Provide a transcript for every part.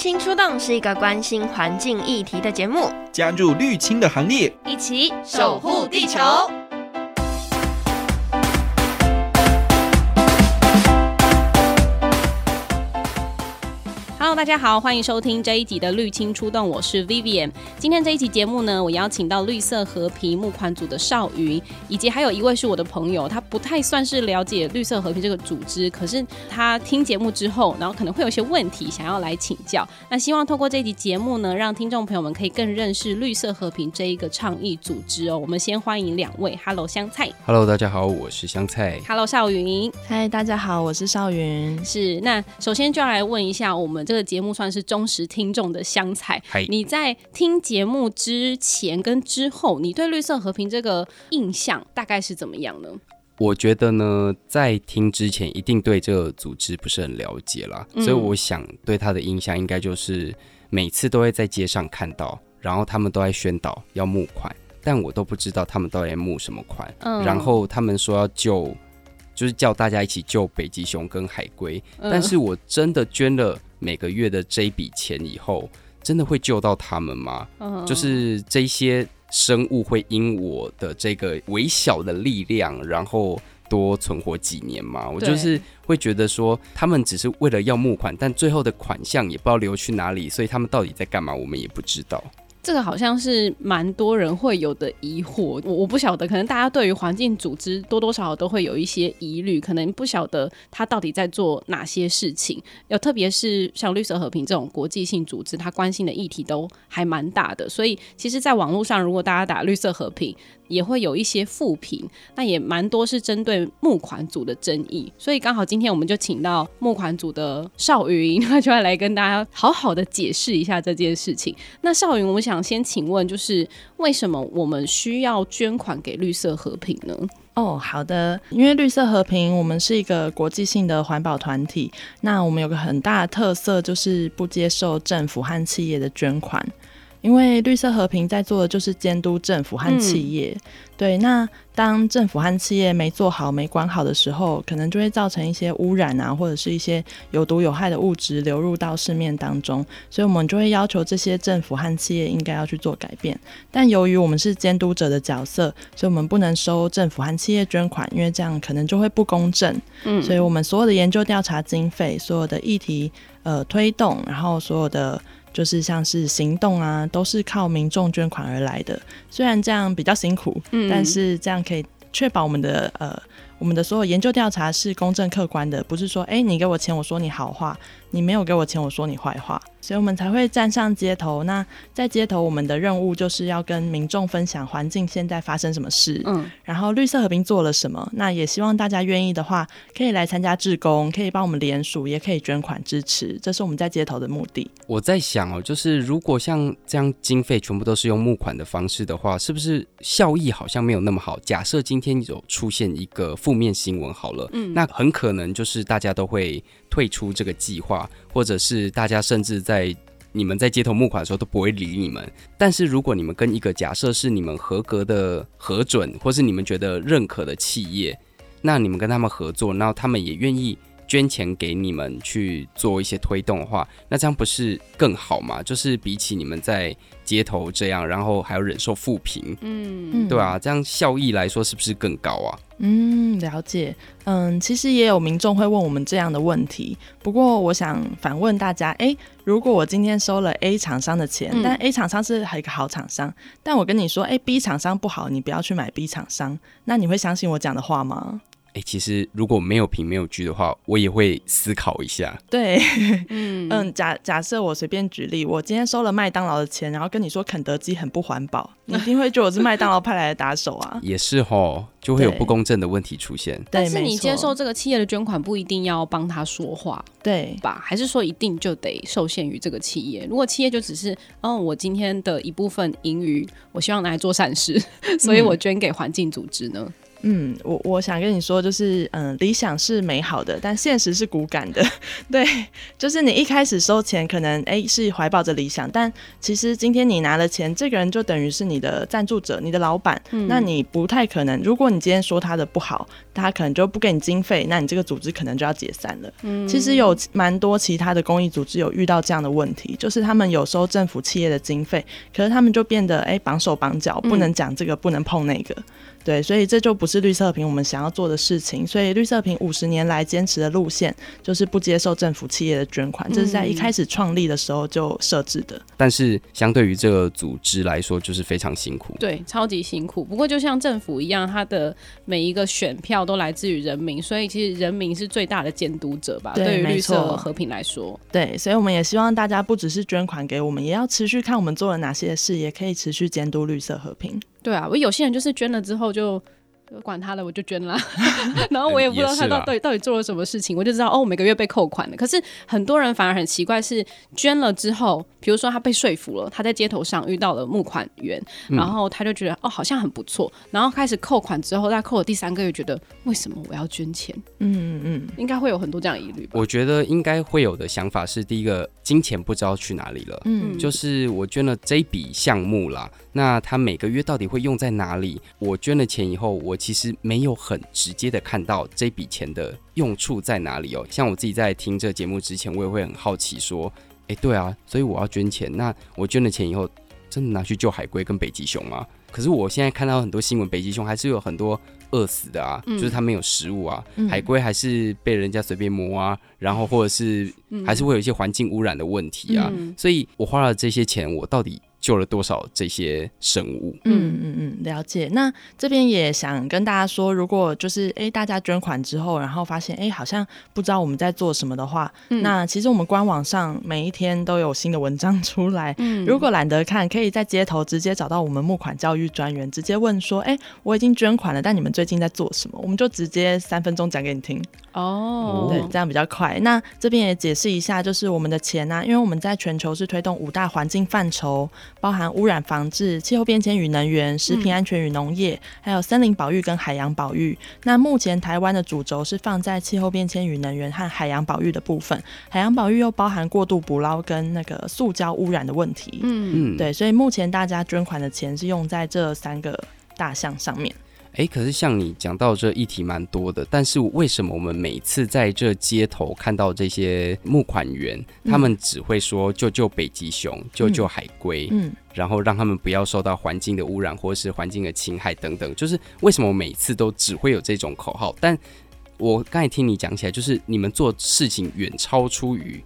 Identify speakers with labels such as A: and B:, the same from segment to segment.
A: 綠青出動是一個關心環境議題的節目，
B: 加入綠青的行列，
A: 一起守護地球。大家好，歡迎收聽這一集的《綠青出動》，我是 Vivian。今天這一集節目呢，我邀請到綠色和平募款組的紹芸，以及還有一位是我的朋友，他不太算是了解綠色和平這個組織，可是他聽節目之後，然後可能會有些問題想要來請教。那希望透過這一集節目呢，讓聽眾朋友們可以更認識綠色和平這一個倡議組織哦。我們先歡迎兩位，Hello 香菜。
B: Hello 大家好，我是香菜。
A: Hello 紹芸。嗨大家好，我是紹芸。是，那首先就要來問一下我們這個。節目算是忠實聽眾的香菜。Hey, 你在聽節目之前跟之後，你對綠色和平這個印象大概是怎麼樣呢？
B: 我覺得呢，在聽之前一定對這個組織不是很了解了。嗯、所以我想對他的印象應該就是每次都會在街上看到，然後他們都在宣導要募款，但我都不知道他們到底在募什麼款，嗯、然後他們說要就。就是叫大家一起救北極熊跟海龜，嗯、但是我真的捐了每個月的這筆錢以後，真的會救到他們嗎？嗯、就是這些生物會因我的這個微小的力量，然後多存活幾年嗎？我就是會覺得說，他們只是為了要募款，但最後的款項也不知道流去哪裡，所以他們到底在幹嘛，我們也不知道。
A: 這個好像是蠻多人會有的疑惑，我我不曉得，可能大家對於環境組織多多少少都會有一些疑慮，可能不曉得他到底在做哪些事情，有特別是像綠色和平這種國際性組織，他關心的議題都還蠻大的，所以其實，在網絡上如果大家打綠色和平，也會有一些負評，那也蠻多是針對募款組的爭議，所以剛好今天我們就請到募款組的紹芸，那就要來跟大家好好的解釋一下這件事情。那紹芸，我想先請問，就是為什麼我們需要捐款給綠色和平呢？
C: 哦，好的，因為綠色和平我們是一個國際性的環保團體，那我們有個很大的特色就是不接受政府和企業的捐款。因為綠色和平在做的就是監督政府和企業，嗯、對。那當政府和企業沒做好、沒管好的時候，可能就會造成一些污染啊，或者是一些有毒有害的物質流入到市面當中。所以我們就會要求這些政府和企業應該要去做改變。但由於我們是監督者的角色，所以我們不能收政府和企業捐款，因為這樣可能就會不公正。嗯、所以我們所有的研究調查經費、所有的議題呃推動，然後所有的。就是像是行動啊，都是靠民眾捐款而來的。雖然這樣比較辛苦，嗯，但是這樣可以確保我們的呃，我們的所有研究調查是公正客觀的，不是說哎，欸，你給我錢，我說你好話。你沒有給我錢，我說你壞話，所以我們才會站上街頭。那在街頭，我們的任務就是要跟民眾分享環境現在發生什麼事，嗯，然後綠色和平做了什麼。那也希望大家願意的話，可以來參加志工，可以幫我們聯署，也可以捐款支持。這是我們在街頭的目的。
B: 我在想哦，就是如果像這樣經費全部都是用募款的方式的話，是不是效益好像沒有那麼好？假設今天有出現一個負面新聞好了，嗯，那很可能就是大家都會。退出這個計劃，或者是大家甚至在你們在街頭募款的時候都不會理你們。但是如果你們跟一個假設是你們合格的核准，或是你們覺得認可的企業，那你們跟他們合作，然後他們也願意捐錢給你們去做一些推動的話，那這樣不是更好嗎？就是比起你們在街頭這樣，然後還要忍受負評，
C: 嗯，對啊，
B: 這樣效益來說是不是更高啊？嗯，
C: 了解。嗯，其實也有民眾會問我們這樣的問題，不過我想反問大家：哎，如果我今天收了 A 廠商的錢，嗯、但 A 廠商是一個好廠商，但我跟你說，哎，B 廠商不好，你不要去買 B 廠商，那你會相信我講的話嗎？
B: 哎、欸，其實如果沒有憑沒有據的話，我也會思考一下。
C: 對，嗯嗯，假假設我隨便舉例，我今天收了麥當勞的錢，然後跟你說肯德基很不環保，你一定會覺得我是麥
A: 當勞派來的打手啊。
B: 也是哦，就會有不公正的問題出現。
A: 但是你接受這個企業的捐款，不一定要幫他說話，對吧？還是說一定就得受限於這個企業？如果企業就只是，哦、嗯，我今天的一部分盈餘，我希望拿來做善事，所以我捐給環境組織呢？嗯嗯，我我想跟你說，就是嗯，理
C: 想是美好的，但現實是骨感的。對，就是你一開始收錢，可能哎、欸、是懷抱着理想，但其實今天你拿了錢，這個人就等於是你的贊助者，你的老闆。嗯、那你不太可能，如果你今天說他的不好，他可能就不給你經費，那你這個組織可能就要解散了。嗯、其實有蠻多其他的公益組織有遇到這樣的問題，就是他們有收政府企業的經費，可是他們就變得哎、欸、綁手綁腳，不能講這個，不能碰那個。嗯對，所以這就不是綠色和平我們想要做的事情。所以綠色和平五十年來堅持的路線就是不接受政府、企業的捐款，嗯、這是在一開始創立的時
B: 候就設置的。但是相對於這個組織來說，就是非常辛苦。
A: 對，超級辛苦。不過就像政府一樣，它的每一個選票都來自於人民，所以其實人民是最大的監督者吧？對，沒錯。對於綠色和平來說，
C: 對，所以我們也希望大家不只是捐款給我們，也要持續看我們做了哪些事，也可以持續監督綠色和平。
A: 對啊，我有些人就是捐了之後就管他了，我就捐了， 然後我也不知道他到底到底做了什麼事情，我就知道哦，我每個月被扣款的。可是很多人反而很奇怪，是捐了之後。比如說他被說服了，他在街頭上遇到了募款員，然後他就覺得、嗯、哦，好像很不錯。然後開始扣款之後，他扣了第三個月，覺得為什麼我要捐錢？嗯嗯嗯，嗯應該會有很多這樣的疑慮
B: 吧？我覺得應該會有的想法是：第一個，金錢不知道去哪裡了。嗯，就是我捐了這筆項目啦，那他每個月到底會用在哪裡？我捐了錢以後，我其實沒有很直接的看到這筆錢的用處在哪裡哦、喔。像我自己在聽這節目之前，我也會很好奇說。哎、欸，對啊，所以我要捐錢，那我捐了錢以後真的拿去救海龜跟北極熊嗎？可是我現在看到很多新聞，北極熊還是有很多餓死的啊，嗯、就是它沒有食物啊。嗯、海龜還是被人家隨便摸啊，然後或者是還是會有一些環境污染的問題啊。嗯、所以，我花了這些錢，我到底？救了多少這些生物？嗯嗯嗯，
C: 了解。那這邊也想跟大家說，如果就是哎、欸、大家捐款之後，然後發現哎、欸、好像不知道我們在做什麼的話，嗯、那其實我們官網上每一天都有新的文章出來。嗯，如果懶得看，可以在街頭直接找到我們募款教育專員，直接問說哎、欸、我已經捐款了，但你們最近在做什麼？我們就直接三分鐘講給你聽。哦，對，這樣比較快。那這邊也解釋一下，就是我們的錢呢、啊，因為我們在全球是推動五大環境範疇。包含污染防治、氣候變遷與能源、食品安全與農業，嗯、還有森林保育跟海洋保育。那目前台灣的主軸是放在氣候變遷與能源和海洋保育的部分。海洋保育又包含過度捕撈跟那個塑膠污染的問題。嗯嗯，對，所以目前大家捐款的錢是用在這三個大項上面。
B: 誒，可是像你講到這議題蠻多的，但是為什麼我們每次在這街頭看到這些募款員，嗯、他們只會說救救北極熊、救救海龜，嗯，然後讓他們不要受到環境的污染或是環境的侵害等等，就是為什麼每次都只會有這種口號？但我剛才聽你講起來，就是你們做事情遠超出於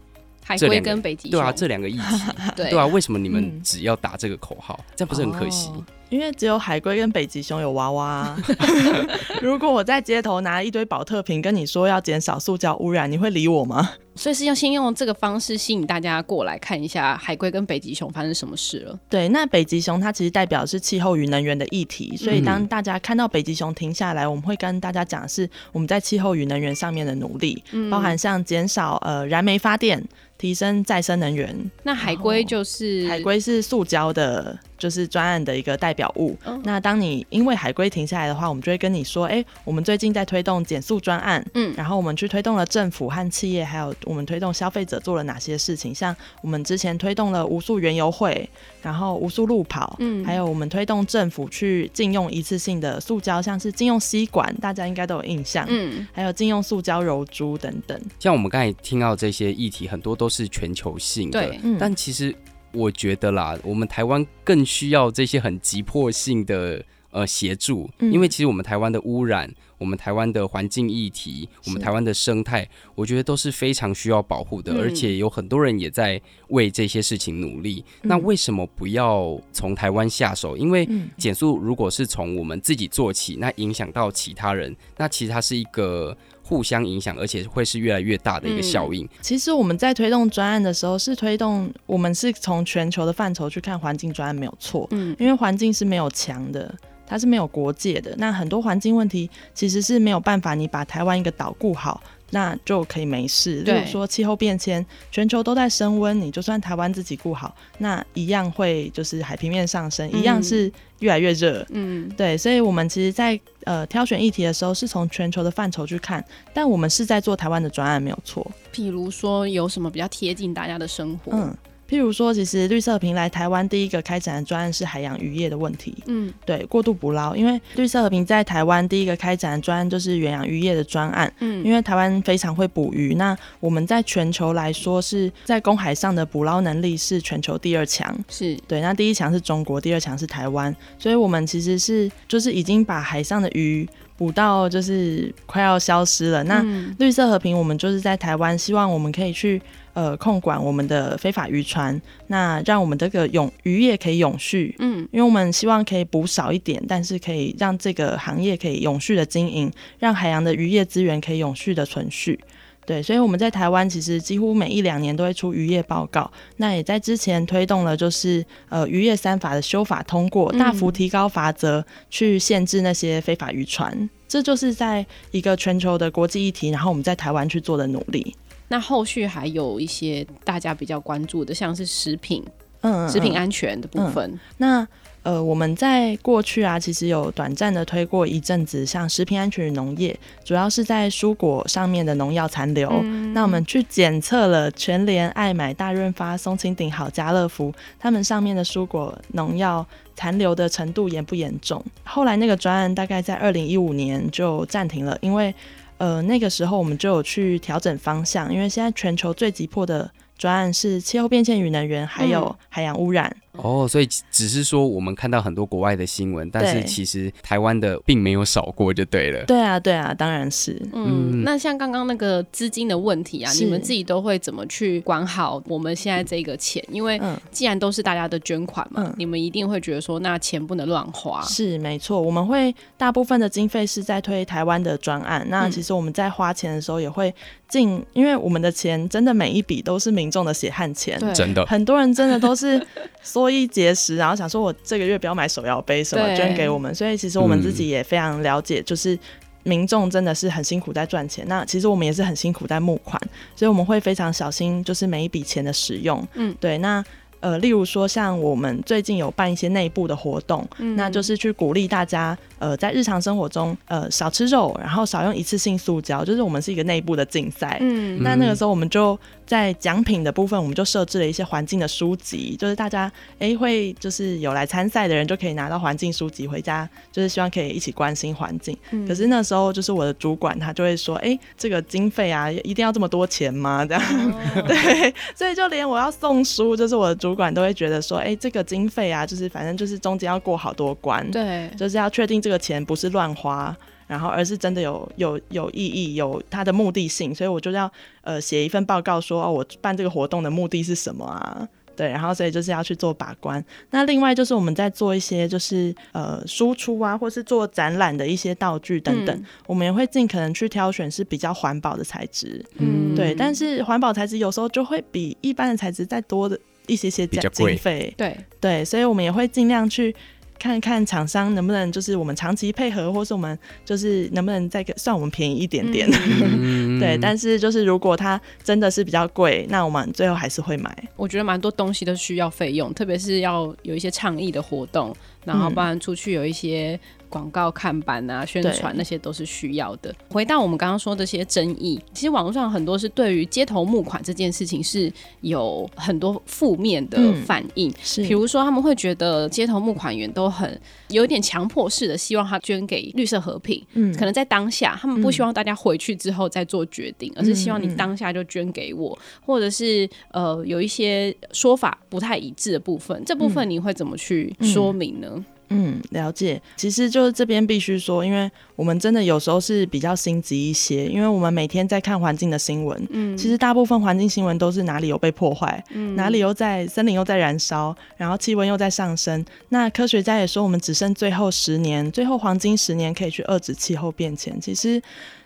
B: 這兩個海龜跟北極熊，對啊，這兩個議題 對，對啊，為什麼你們只要打這個口號？這樣不是很可惜？
C: 哦因為只有海龜跟北極熊有娃娃啊。 如果我在街頭拿一堆寶特瓶跟你說要減少塑膠污染，你會理我嗎？
A: 所以是要先用這個方式吸引大家過來看一下海龜跟北極熊發生什麼事了。
C: 對，那北極熊它其實代表的是氣候與能源的議題，所以當大家看到北極熊停下來，我們會跟大家講是我們在氣候與能源上面的努力，包含像減少呃燃煤發電、提升再生能源。那海龜就是海龜是塑膠的。就是專案的一個代表物。Oh. 那當你因為海龜停下來的話，我們就會跟你說，哎、欸，我們最近在推動減速專案。嗯，然後我們去推動了政府和企業，還有我們推動消費者做了哪些事情？像我們之前推動了無塑園遊會，然後無塑路跑，嗯，還有我們推動政府去禁用一次性的塑膠，像是禁用吸管，大家應該都有印象。嗯，還有禁用塑膠柔珠等等。
B: 像我們剛才聽到這些議題，很多都是全球性的。對，嗯、但其實。我覺得啦，我們台灣更需要這些很急迫性的呃協助，因為其實我們台灣的污染，我們台灣的環境議題，是我們台灣的生態，我覺得都是非常需要保護的，而且有很多人也在為這些事情努力。嗯、那為什麼不要從台灣下手？因為減速如果是從我們自己做起，那影響到其他人，那其實它是一個。互相影響，而且會是越來越大的一個效應。嗯，
C: 其實我們在推動專案的時候，是推動我們是從全球的範疇去看環境專案沒有錯。嗯，因為環境是沒有牆的，它是沒有國界的。那很多環境問題其實是沒有辦法，你把台灣一個島顧好。那就可以沒事。例如說氣候變遷，全球都在升溫，你就算台灣自己顧好，那一樣會就是海平面上升，嗯、一樣是越來越熱。嗯，對，所以我們其實在呃挑選議題的時候，是從全球的範疇去看，但我們是在做台灣的專案，沒有錯。
A: 比如說有什麼比較貼近大家的生活？嗯。
C: 譬如說，其實綠色和平來台灣第一個開展的專案是海洋漁業的問題。嗯，對，過度捕撈，因為綠色和平在台灣第一個開展的專案就是遠洋漁業的專案。嗯，因為台灣非常會捕魚，那我們在全球來說是在公海上的捕撈能力是全球第二強。是對，那第一強是中國，第二強是台灣，所以我們其實是就是已經把海上的魚。捕到，就是快要消失了。那綠色和平，我們就是在台灣，希望我們可以去呃控管我們的非法漁船，那讓我們這個永漁業可以永續。嗯，因為我們希望可以捕少一點，但是可以讓這個行業可以永續的經營，讓海洋的漁業資源可以永續的存續。對，所以我們在台灣其實幾乎每一兩年都會出漁業報告，那也在之前推動了，就是呃漁業三法的修法通過，大幅提高罰則，去限制那些非法漁船。嗯、這就是在一個全球的國際議題，然後我們在台灣去做的努力。
A: 那後續還有一些大家比較關注的，像是食品。
C: 嗯，食品安全
A: 的部分。嗯
C: 嗯、那呃，我們在過去啊，其實有短暫的推過一陣子，像食品安全的農業，主要是在蔬果上面的農藥殘留。嗯、那我們去檢測了全聯、愛買、大潤發、松青頂好、家樂福，他們上面的蔬果農藥殘留的程度嚴不嚴重？後來那個專案大概在二零一五年就暫停了，因為呃那個時候我們就有去調整方向，因為現在全球最急迫的。專案是氣候變遷與能源，還有海洋污染。嗯
B: 哦，oh, 所以只是說我們看到很多國外的新聞，對但是其實台灣的並沒有少過，就對了。
C: 對啊，對啊，當然是。嗯，
A: 嗯那像剛剛那個資金的問題啊，是你們自己都會怎麼去管好我們現在這個錢？因為既然都是大家的捐款嘛，嗯、你們一定會覺得說，那錢不能亂花。是，
C: 沒錯，我們會大部分的經費是在推台灣的專案。嗯、那其實我們在花錢的時候也會盡，因為我們的錢真的每一筆都是民眾的血汗錢，對真的。很多人真的都是說。一節食，然後想說，我這個月不要買手搖杯什麼對捐給我們，所以其實我們自己也非常了解，嗯、就是民眾真的是很辛苦在賺錢，那其實我們也是很辛苦在募款，所以我們會非常小心，就是每一筆錢的使用。嗯，對，那呃，例如說像我們最近有辦一些內部的活動，嗯、那就是去鼓勵大家呃，在日常生活中呃少吃肉，然後少用一次性塑膠，就是我們是一個內部的競賽。嗯，那那個時候我們就。在獎品的部分，我們就設置了一些環境的書籍，就是大家哎、欸、會就是有來參賽的人就可以拿到環境書籍回家，就是希望可以一起關心環境。嗯、可是那時候就是我的主管他就會說，哎、欸，這個經費啊，一定要這麼多錢嗎？這樣，哦、對，所以就連我要送書，就是我的主管都會覺得說，哎、欸，這個經費啊，就是反正就是中間要過好多關，對，就是要確定這個錢不是亂花。然後，而是真的有有有意義，有它的目的性，所以我就要呃寫一份報告說，說哦，我辦這個活動的目的是什麼啊？對，然後所以就是要去做把關。那另外就是我們在做一些就是呃輸出啊，或是做展覽的一些道具等等，嗯、我們也會盡可能去挑選是比較環保的材質。嗯。對，但是環保材質有時候就會比一般的材質再多的一些些經費。比較貴。對對，所以我們也會盡量去。看看廠商能不能，就是我們長期配合，或是我們就是能不能再給算我們便宜一點點，嗯、
A: 對。嗯、但是就是如果它真的是比較貴，那我們最後還是會買。我覺得蠻多東西都需要費用，特別是要有一些倡議的活動，然後不然出去有一些。廣告看板啊，宣傳那些都是需要的。對回到我們剛剛說的些爭議，其實網絡上很多是對於街頭募款這件事情是有很多負面的反應，比、嗯、如說他們會覺得街頭募款員都很有一點強迫式的，希望他捐給綠色和平。嗯，可能在當下他們不希望大家回去之後再做決定，嗯、而是希望你當下就捐給我，嗯嗯、或者是呃有一些說法不太一致的部分，嗯、這部分你會怎麼去說明呢？嗯嗯
C: 嗯，了解。其實就是這邊必須說，因為我們真的有時候是比較心急一些，因為我們每天在看環境的新聞。嗯，其實大部分環境新聞都是哪裡有被破壞，嗯，哪裡又在森林又在燃燒，然後氣溫又在上升。那科學家也說，我們只剩最後十年，最後黃金十年可以去遏止氣候變遷。其實。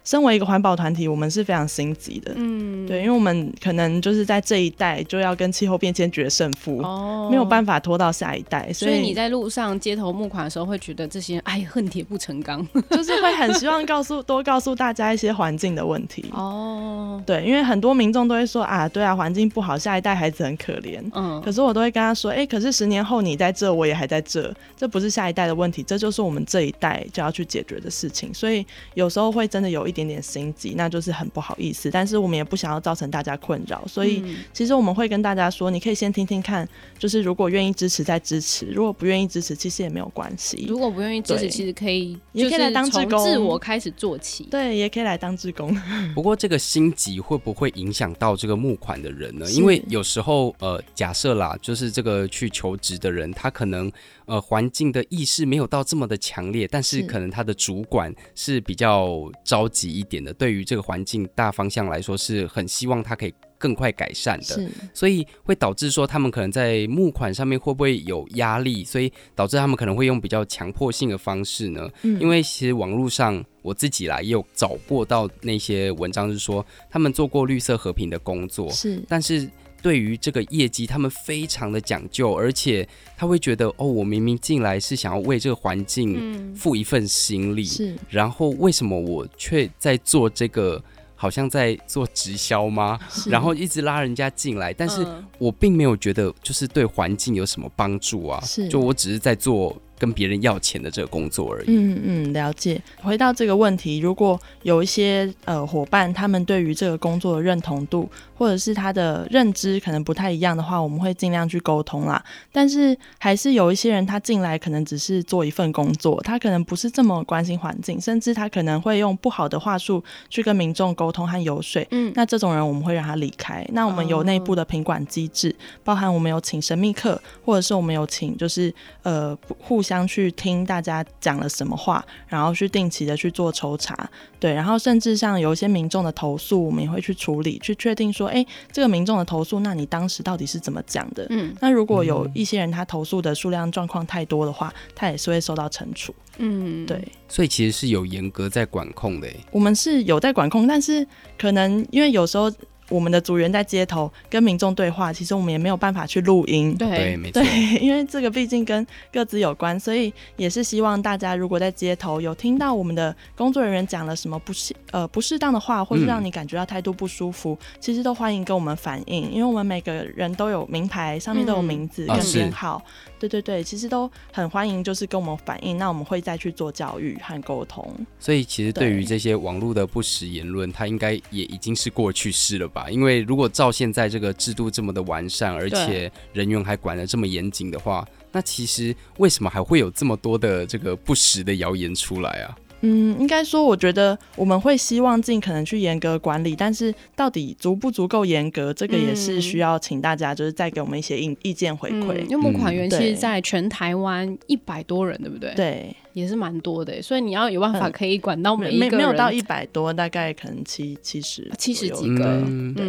C: 身為一個環保團體，我們是非常心急的，嗯，對，因為我們可能就是在這一代就要跟氣候變遷決勝負，哦、沒有辦法拖到下一代，所以，所以你在
A: 路上街頭募款的時候，會覺得這些哎恨鐵不成鋼，就是會很希
C: 望告訴 多告訴大家一些環境的問題，哦，對，因為很多民眾都會說啊，對啊，環境不好，下一代孩子很可憐，嗯，可是我都會跟他說，哎、欸，可是十年後你在這，我也還在這，這不是下一代的問題，這就是我們這一代就要去解決的事情，所以有時候會真的有一。點點心急，那就是很不好意思。但是我們也不想要造成大家困擾，所以其實我們會跟大家說，你可以先聽聽看，就是如果願意支持再支持，如果不願意支持，其實也沒有關係。如果不願意支
B: 持，
A: 對其實可以就是也可以來當志工，從自我開始做起。對，也可以來當志工。
B: 不過這個心急會不會影響到這個募款的人呢？是因為有時候，呃，假設啦，就是這個去求職的人，他可能。呃，環境的意識沒有到這麼的強烈，但是可能他的主管是比較着急一點的。是對於這個環境大方向來說，是很希望他可以更快改善的，是所以會導致說他們可能在募款上面會不會有壓力？所以導致他們可能會用比較強迫性的方式呢？嗯，因為其實網絡上我自己來也有找過到那些文章，是說他們做過綠色和平的工作，是，但是。對於這個業績，他們非常的講究，而且他會覺得哦，我明明進來是想要為這個環境付一份心力，嗯、是，然後為什麼我卻在做這個，好像在做直銷嗎？是，然後一直拉人家進來，但是我並沒有覺得就是對環境有什麼幫助啊，是，就我只是在做。跟別人要錢的這個工作而
C: 已。嗯嗯，了解。回到這個問題，如果有一些呃夥伴，他們對於這個工作的認同度或者是他的認知可能不太一樣的話，我們會儘量去溝通啦。但是還是有一些人，他進來可能只是做一份工作，他可能不是這麼關心環境，甚至他可能會用不好的話術去跟民眾溝通和游說。嗯，那這種人我們會讓他離開。那我們有內部的品管機制，哦、包含我們有請神秘客，或者是我們有請，就是呃互相。將去聽大家講了什麼話，然後去定期的去做抽查，對，然後甚至像有一些民眾的投訴，我們也會去處理，去確定說，欸，這個民眾的投訴，那你當時到底是怎麼講的？嗯，那如果有一些人他投訴的數量狀況太多的話，他也是會受到懲處。嗯，對，
B: 所以其實是有嚴格在管控的。
C: 我們是有在管控，但是可能因為有時候。我們的組員在街頭跟民眾對話，其實我們也沒有辦法去錄音。對，對，因為這個畢竟跟個資有關，所以也是希望大家如果在街頭有聽到我們的工作人員講了什麼不適呃不適當的話，或是讓你感覺到態度不舒服，嗯、其實都歡迎跟我們反映，因為我們每個人都有名牌，上面都有名字跟編號。嗯啊。對對對，其實都很歡迎，就是跟我們反映，那我們會再去做教育和溝通。
B: 所以，其實對於這些網絡的不實言論，對它應該也已經是過去式了吧？因為如果照現在這個制度這麼的完善，而且人員還管得這麼嚴謹的話，對那其實為什麼還會有這麼多的這個不實的謠言出來啊？
C: 嗯，應該說，我覺得我們會希望盡可能去嚴格管理，但是到底足不足夠嚴格，嗯、這個也是需要請大家就是再給我們一些意意見回饋。嗯、因為募款員其實，在
A: 全台灣一百多人，嗯、對不對？對，也是蠻多的，所以你要有辦法可以管到每一個人。嗯、沒有沒有到一百多，大概可能七七十、七十幾個。嗯，對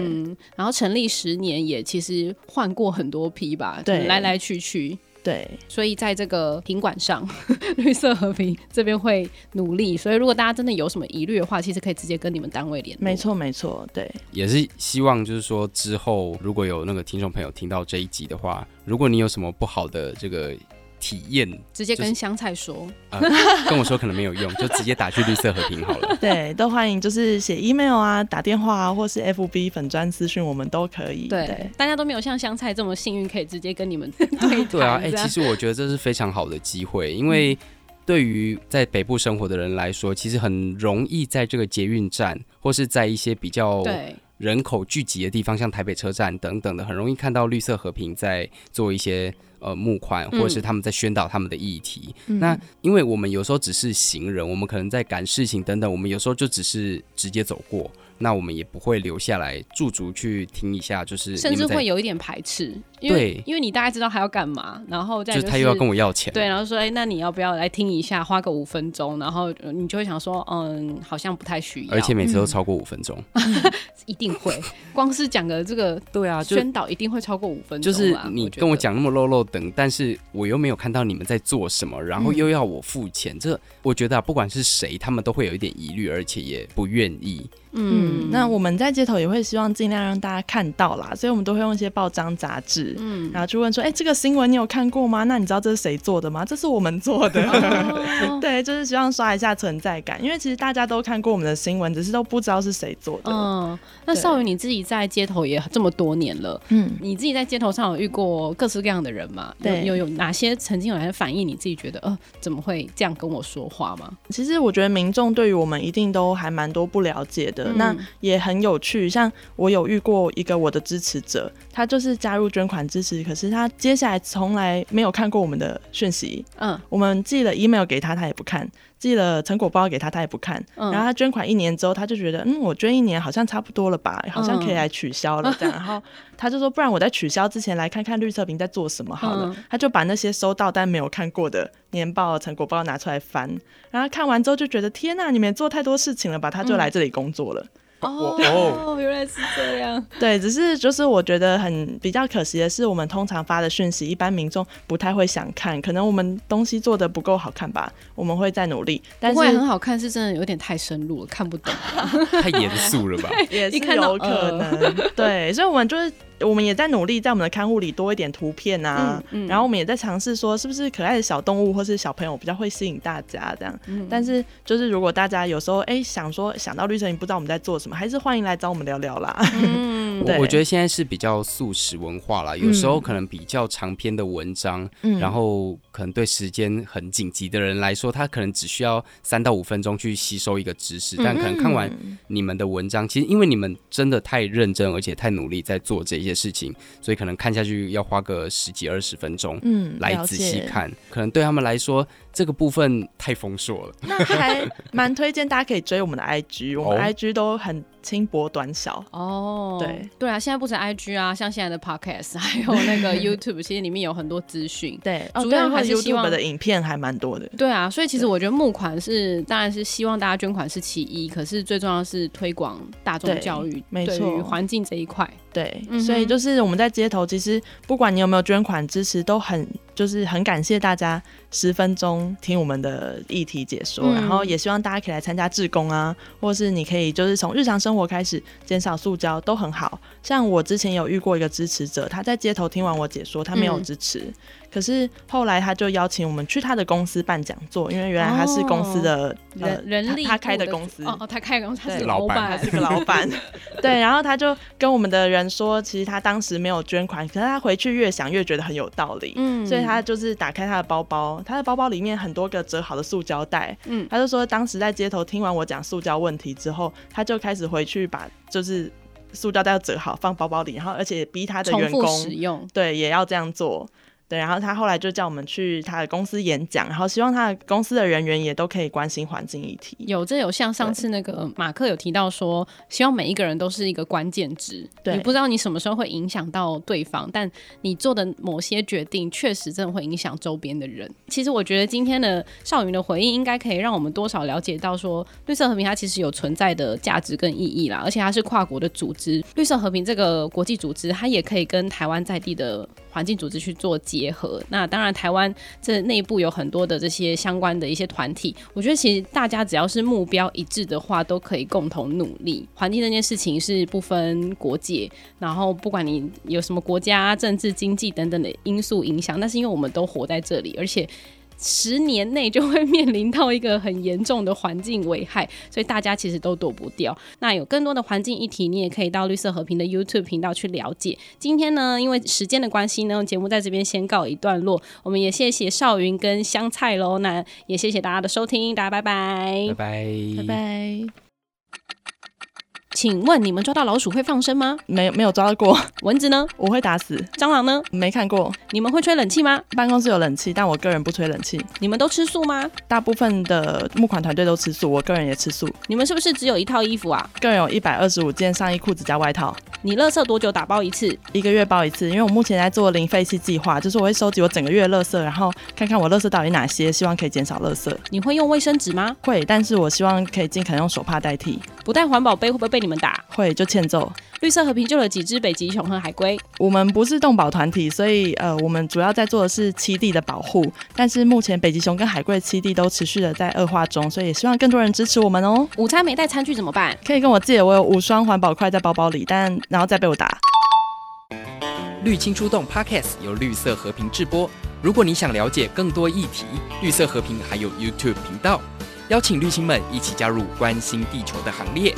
A: 然後成立十年也其實換過很多批吧，對，來來去去。對，所以在這個品管上，綠色和平這邊會努力。所以如果大家真的有什麼疑慮的話，其實可以直接跟你們單位聯絡。沒錯，沒
B: 錯，對，也是希望就是說之後如果有那個聽眾朋友聽到這一集的話，如果你有什麼不好的這個。體驗直接跟
A: 香菜說，就是呃，
B: 跟我說可能沒有用。 就直接打去綠色和平好
C: 了。對，都歡迎，就是寫 email 啊，打電話啊，或是 FB 粉專資訊，我們都可以。對，對
A: 大家都沒有像香菜這麼幸運，可以直接跟你們對談。 對啊，哎，欸，其實我
B: 覺得這是非常好的機會，因為對於在北部生活的人來說，其實很容易在這個捷運站，或是在一些比較對。人口聚集的地方，像台北車站等等的，很容易看到綠色和平在做一些呃募款，或者是他們在宣導他們的議題。嗯。那因為我們有時候只是行人，我們可能在趕事情等等，我們有時候就只是直接走過，那我們也不會留下來駐足去聽一下，就是甚至會
A: 有一點排斥。因為對因為你大概知道他要幹嘛，然後再就是，就是他又要跟我要錢，對，然後說哎，那你要不要來聽一下，花個五分鐘，然後你就會想說，嗯，好像不太需要，而且每次都
B: 超過五分鐘。
A: 嗯、 一定會，光是講的這個，對啊，宣導一定會超過五分鐘，就是你跟我
B: 講那麼落落長，但是我又沒有看到你們在做什麼，然後又要我付錢，嗯、這我覺得、啊、不管是誰，他們都會有一點疑慮，而且也不願意。
C: 嗯，那我們在街頭也會希望儘量讓大家看到啦，所以我們都會用一些報章雜誌。嗯，然後就問說：“哎、欸，這個新聞你有看過嗎？那你知道這是誰做的嗎？這是我們做的，哦、 對，就是希望刷一下存在感，因為其實大家都看過我們的新聞，只是都不知道是誰做的。嗯，對那
A: 少宇紹芸你自己在街頭也這麼多年了，嗯，你自己在街頭上有遇過各式各樣的人嗎？對，有有哪些曾經有人反應？你自己覺得，呃，怎麼會這樣跟我
C: 說話嗎？其實我覺得民眾對於我們一定都還蠻多不了解的，嗯、那也很有趣。像我有遇過一個我的支持者，他就是加入捐款。支持，可是他接下來從來沒有看過我們的訊息。嗯，我們寄了 email 給他，他也不看；寄了成果包給他，他也不看。嗯、然後他捐款一年之後，他就覺得，嗯，我捐一年好像差不多了吧，好像可以來取消了。嗯、這樣，然後 他就說，不然我在取消之前來看看綠色和平在做什麼好了。嗯、他就把那些收到但沒有看過的年報、成果包拿出來翻，然後看完之後就覺得，天吶、啊，你們也做太多事情了吧？他就來這裡工作了。嗯
A: 哦、oh, oh, oh. 原來是這樣。
C: 對，只是就是我覺得很比較可惜的是，我們通常發的訊息，一般民眾不太會想看，可能我們東西做得不夠好看吧。我們會再努力，但是不會很好看是真的，有點太深入了，看不懂、啊， 太嚴
B: 肅了吧？
A: 也是有可能，對，呃、
C: 對，所以我們就是。我們也在努力，在我們的刊物裡多一點圖片啊，嗯嗯、然後我們也在嘗試說，是不是可愛的小動物或是小朋友比較會吸引大家這樣。嗯、但是，就是如果大家有時候哎、欸、想說想到綠色，你不知道我們在做什麼，還是歡迎來找我們聊聊啦。嗯、 對，我、我覺
B: 得現在是比較速食文化啦，有時候可能比較長篇的文章，嗯、然後。可能對時間很緊急的人來說，他可能只需要三到五分鐘去吸收一個知識，嗯嗯但可能看完你們的文章，其實因為你們真的太認真而且太努力在做這些事情，所以可能看下去要花個十幾二十分鐘，嗯，來仔細看，可能對他們來說這個部分太豐碩了。那還
C: 蠻推薦大家可以追我們的 IG， 我們 IG 都很輕薄短小哦。
A: Oh, 對對啊，現在不止 IG 啊，像現在的 Podcast，還有那個 YouTube， 其實裡面有很多資訊，對，oh, 主要還是。YouTube 的影片還蠻多的，對啊，所以其實我覺得募款是，對當然是希望大家捐款是其一，可是最重要是推廣大眾教育，沒錯，環境這一塊，對，所以就
C: 是我們在街頭，其實不管你有沒有捐款支持，都很就是很感謝大家十分鐘聽我們的議題解說，嗯、然後也希望大家可以來參加志工啊，或是你可以就是從日常生活開始減少塑膠，都很好。像我之前有遇過一個支持者，他在街頭聽完我解說，他沒有支持。嗯可是後來他就邀請我們去他的公司辦講座，因為原來他是公司的、哦呃、
A: 人，人力他開的公司哦，他開的公司，他是對老板闆，他是個老板。
C: 對，然後他就跟我們的人說，其實他當時沒有捐款，可是他回去越想越覺得很有道理，嗯,嗯，所以他就是打開他的包包，他的包包裡面很多個折好的塑膠袋，嗯、他就說當時在街頭聽完我講塑膠問題之後，他就開始回去把就是塑膠袋折好放包包裡，然後而且逼他的員工使用，對，也要這樣做。對，然後他後來就叫我們去他的公司演講，然後希望他的公司的人員也都可以關心環境議題。
A: 有，這有像上次那個馬克有提到說，對希望每一個人都是一個關鍵值。對，你不知道你什麼時候會影響到對方，但你做的某些決定確實真的會影響周邊的人。其實我覺得今天的紹芸的回應，應該可以讓我們多少了解到說，綠色和平它其實有存在的價值跟意義啦，而且它是跨國的組織，綠色和平這個國際組織，它也可以跟台灣在地的。環境組織去做結合，那當然台灣這內部有很多的這些相關的一些團體。我覺得其實大家只要是目標一致的話，都可以共同努力。環境這件事情是不分國界，然後不管你有什麼國家、政治、經濟等等的因素影響，那是因為我們都活在這裡，而且。十年內就會面臨到一個很嚴重的環境危害，所以大家其實都躲不掉。那有更多的環境議題，你也可以到綠色和平的 YouTube 頻道去了解。今天呢，因為時間的關係呢，呢節目在這邊先告一段落。我們也謝謝紹芸跟香菜嘍，那也謝謝大家的收聽，大家拜拜，拜拜，拜拜。請問你們抓到老鼠會放生嗎？沒，沒有抓到過。蚊子呢？我會打死。蟑螂呢？沒看過。
C: 你們會吹冷氣嗎？辦公室有冷氣，但我個人不吹冷氣。你們都吃素嗎？大部分的募款團隊都吃素，我個人也吃素。
A: 你們是不是只有一套衣服啊？
C: 個人有一百二十五件上衣、褲子加外套。你垃圾多久打包一次？一個月包一次，因為我目前在做零廢棄計劃，就是我會收集我整個月垃圾，然後看看我垃圾到底哪些，希望可以減少垃圾。你會用衛生紙嗎？會，但是我希望可以盡可能用手帕代替。
A: 不帶環保杯會不會被你們打？
C: 會，就欠揍。
A: 綠色和平救了幾隻北極熊和海龜。
C: 我們不是動保團體，所以呃，我們主要在做的是棲地的保護。但是目前北極熊跟海龜棲地都持續的在惡化中，所以也希望更多人支持我們哦。午餐沒帶餐具怎麼辦？可以跟我借，我有五雙環保筷在包包裡，但然後再被我打。
B: 綠青出動，Podcast 由綠色和平製播。如果你想了解更多議題，綠色和平還有 YouTube 頻道，邀請綠青們一起加入關心地球的行列。